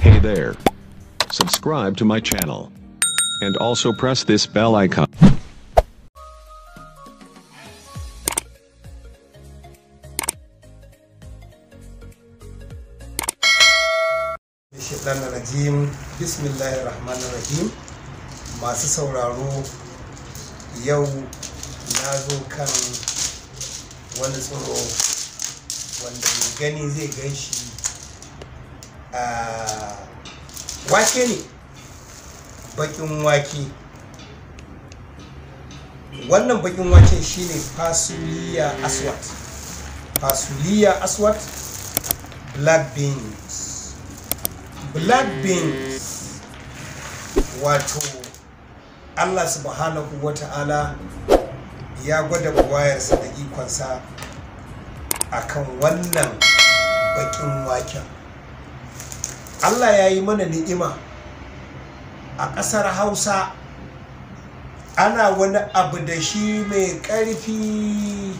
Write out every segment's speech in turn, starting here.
Hey there. Subscribe to my channel. And also press this bell icon. Bismillahirrahmanirrahim. Masu sauraro yau na zo kan wani tsoro wanda gani zai wake ne bakin wake wannan bakin wake shine fasuliya aswat fasuliya aswat black beans black beans wato allah subhanahu wa ta'ala ya gwada wayarsa da ikonsa akan wannan bakin waken Allah ya yi mana ni'ima a ƙasar Hausa ana wani abu da shi mai ƙarfi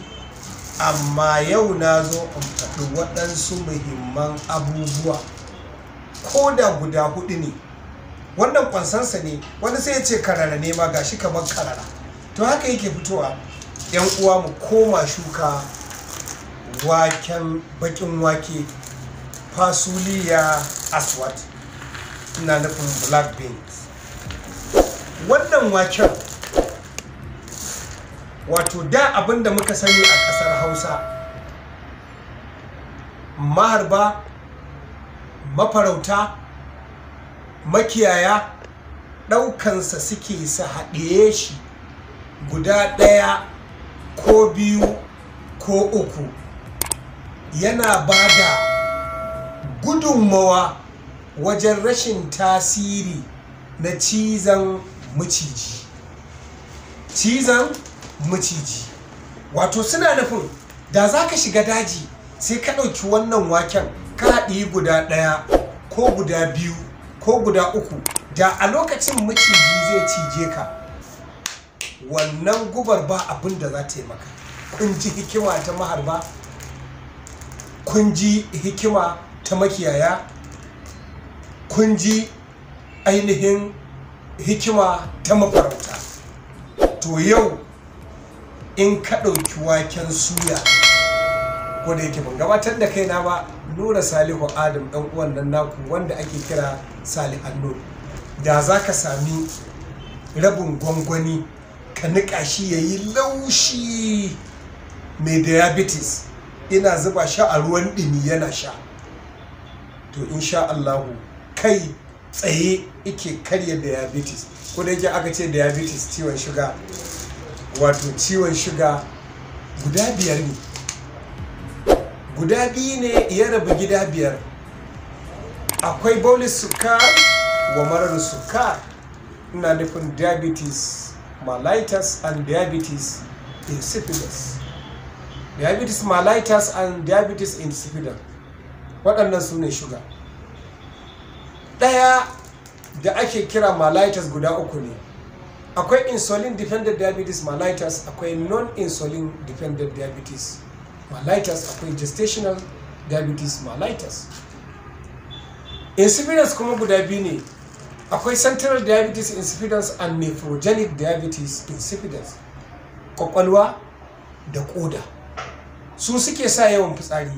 amma yau na zo in faɗi waɗansu muhimman abubuwa ko da guda hudu ne wannan kwansansa ne wani sai ya ce karara ne ma gashi kamar karara to haka yake fitowa yan uwa mu koma shuka waken bakin wake fasuliya aswat ina nufin black beans wannan waken wato da abin da muka sani a ƙasar hausa maharba mafarauta makiyaya ɗaukansa suke su haɗe shi guda ɗaya ko biyu ko uku yana bada. gudunmawa wajen rashin tasiri na cizon maciji cizon maciji wato suna nufin da za ka shiga daji sai ka ɗauki wannan waken ka haɗi guda ɗaya ko guda biyu ko guda uku da a lokacin maciji zai cije ka wannan gubar ba abin da za ta yi maka kun ji hikima ta maharba kun ji hikima ta makiyaya kun ji ainihin hikima ta mafarauta to yau in ka ɗauki waken suya ko da yake ban gabatar da kaina ba nura salihu adam ɗan uwan nan naku wanda ake kira salihan nur da za ka sami rabin gwangwani ka niƙa shi ya yi laushi mai diabetes ina zuba sha a ruwan ɗini yana sha to insha Allah kai tsaye ike karya diabetes ko da yake aka ce diabetes ciwon shiga wato ciwon shiga guda biyar ne guda biyu ne ya rabu gida biyar akwai bauli sukar wa marar sukar ina nufin diabetes mellitus and diabetes insipidus diabetes mellitus and diabetes insipidus waɗannan su ne shuga ɗaya da ake kira malaitas guda uku ne akwai insulin dependent diabetes malaitas akwai non-insulin dependent diabetes malaitas akwai gestational diabetes malaitas insipidus kuma guda biyu ne akwai central diabetes insipidus and nephrogenic diabetes insipidus kwakwalwa da koda su suke sa yawan fitsari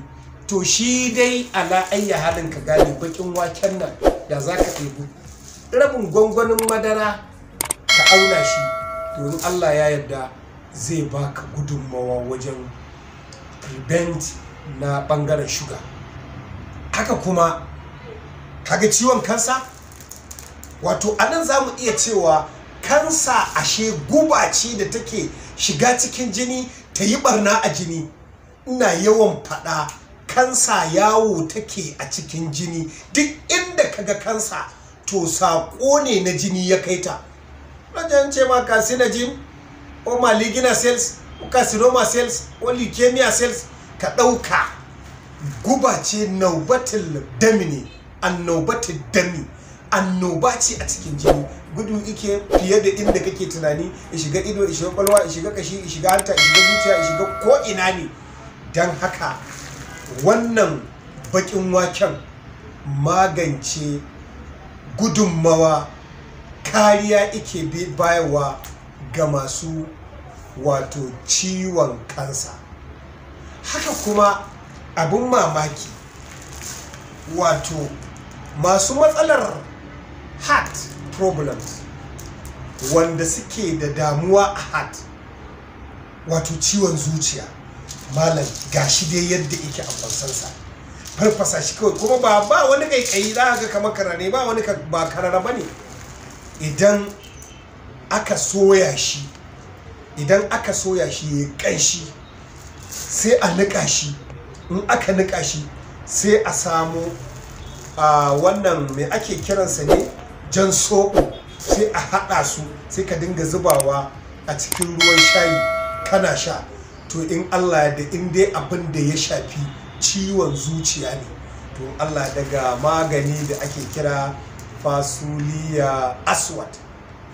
to shi dai ala ayya halin ka gane bakin waken nan da za ka rabin gwangwanin madara ka auna shi domin allah ya yarda zai baka gudunmawa wajen prevent na bangaren shuga haka kuma kaga ciwon kansa wato anan za mu iya cewa kansa ashe guba ce da take shiga cikin jini ta yi barna a jini ina yawan faɗa kansa yawo take a cikin jini duk inda kaga kansa to saƙo ne na jini ya kai ta wajen ce ma carcinogen o malignant cells o carcinoma cells o leukemia cells ka ɗauka guba ce naubatin dami ne annobatin dami annoba ce a cikin jini gudu ike fiye da inda kake tunani ya shiga ido ya shiga kwalwa ya shiga kashi ya shiga hanta ya shiga zuciya ya shiga ko ina ne don haka wannan bakin waken magance gudunmawa kariya ike bayarwa ga masu wato ciwon kansa haka kuma abin mamaki wato masu matsalar heart problems wanda suke da damuwa a heart wato ciwon zuciya malam gashi dai yadda yake a fansansa farfasa shi kawai kuma ba ba wani kai kai za ga kamar karare ba wani ba karara ba ne idan aka soya shi idan aka soya shi ya kanshi sai a niƙa shi in aka niƙa shi sai a samu a wannan mai ake kiransa ne jan soɓo sai a haɗa su sai ka dinga zubawa a cikin ruwan shayi kana sha to in Allah da in dai abin da ya shafi ciwon zuciya ne to Allah daga magani da ake kira fasuliya aswad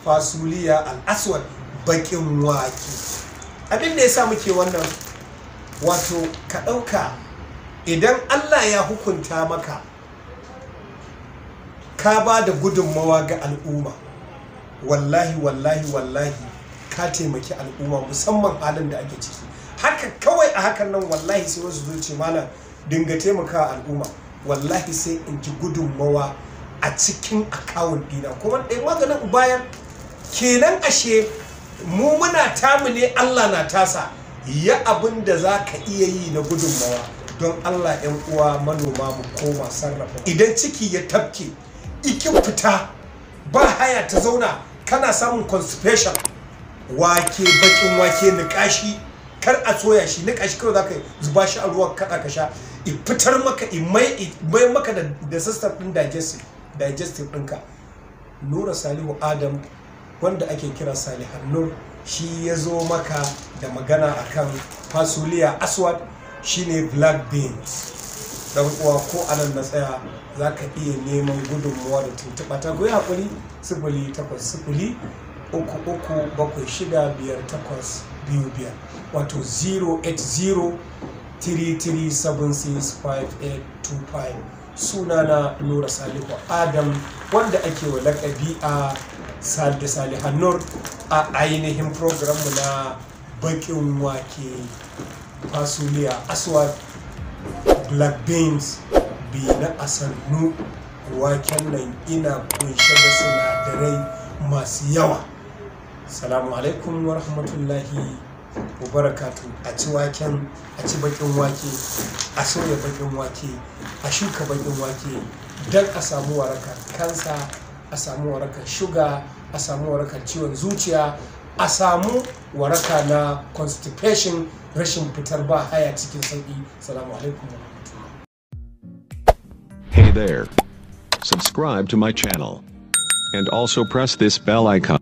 fasuliya al-aswad bakin waki abin da ya sa muke wannan wato ka ɗauka idan Allah ya hukunta maka ka ba da gudunmawa ga al'umma wallahi wallahi wallahi ka taimaki al'umma musamman halin da ake ciki haka kawai a hakan nan wallahi sai wasu zuci malam dinga taimakawa al'umma wallahi sai in ji gudunmawa a cikin akawun dina kuma ɗaya maganin bayan kenan ashe mu muna tamu ne allah na tasa ya abin da za ka iya yi na gudunmawa don allah yan uwa manoma mu koma sarrafa idan ciki ya tafke ikin fita ba haya ta zauna kana samun constipation wake bakin wake kashi. kar a soya shi nika shi kawai ka zuba shi a ruwa kada ka sha i fitar maka i mai maka da da ɗin din digestive digestive ɗinka nura salihu adam wanda ake kira salihan nur shi ya zo maka da magana akan fasuliya aswad shine black beans dan uwa ko anan na tsaya za ka iya neman gudunmuwa da tuntuɓa ta goyi haƙuri sifili takwas sifili uku uku bakwai shida biyar takwas biyu biyar wato 08033765825 sunana nura salihu adam wanda ake wa lakabi a da salihan nur a ainihin program na bakin wake fasuliya aswad black beans bi na asannu waken nan ina kunshe da sinadarai masu yawa salamu alaikum wa rahmatullahi wa barakatu a ci waken a ci bakin wake a sauya bakin wake a shuka bakin wake don a samu warakar kansa a samu warakar shuga a samu warakar ciwon zuciya a samu waraka na constipation rashin fitar ba haya cikin sauki salamu alaikum wa hey there subscribe to my channel and also press this bell icon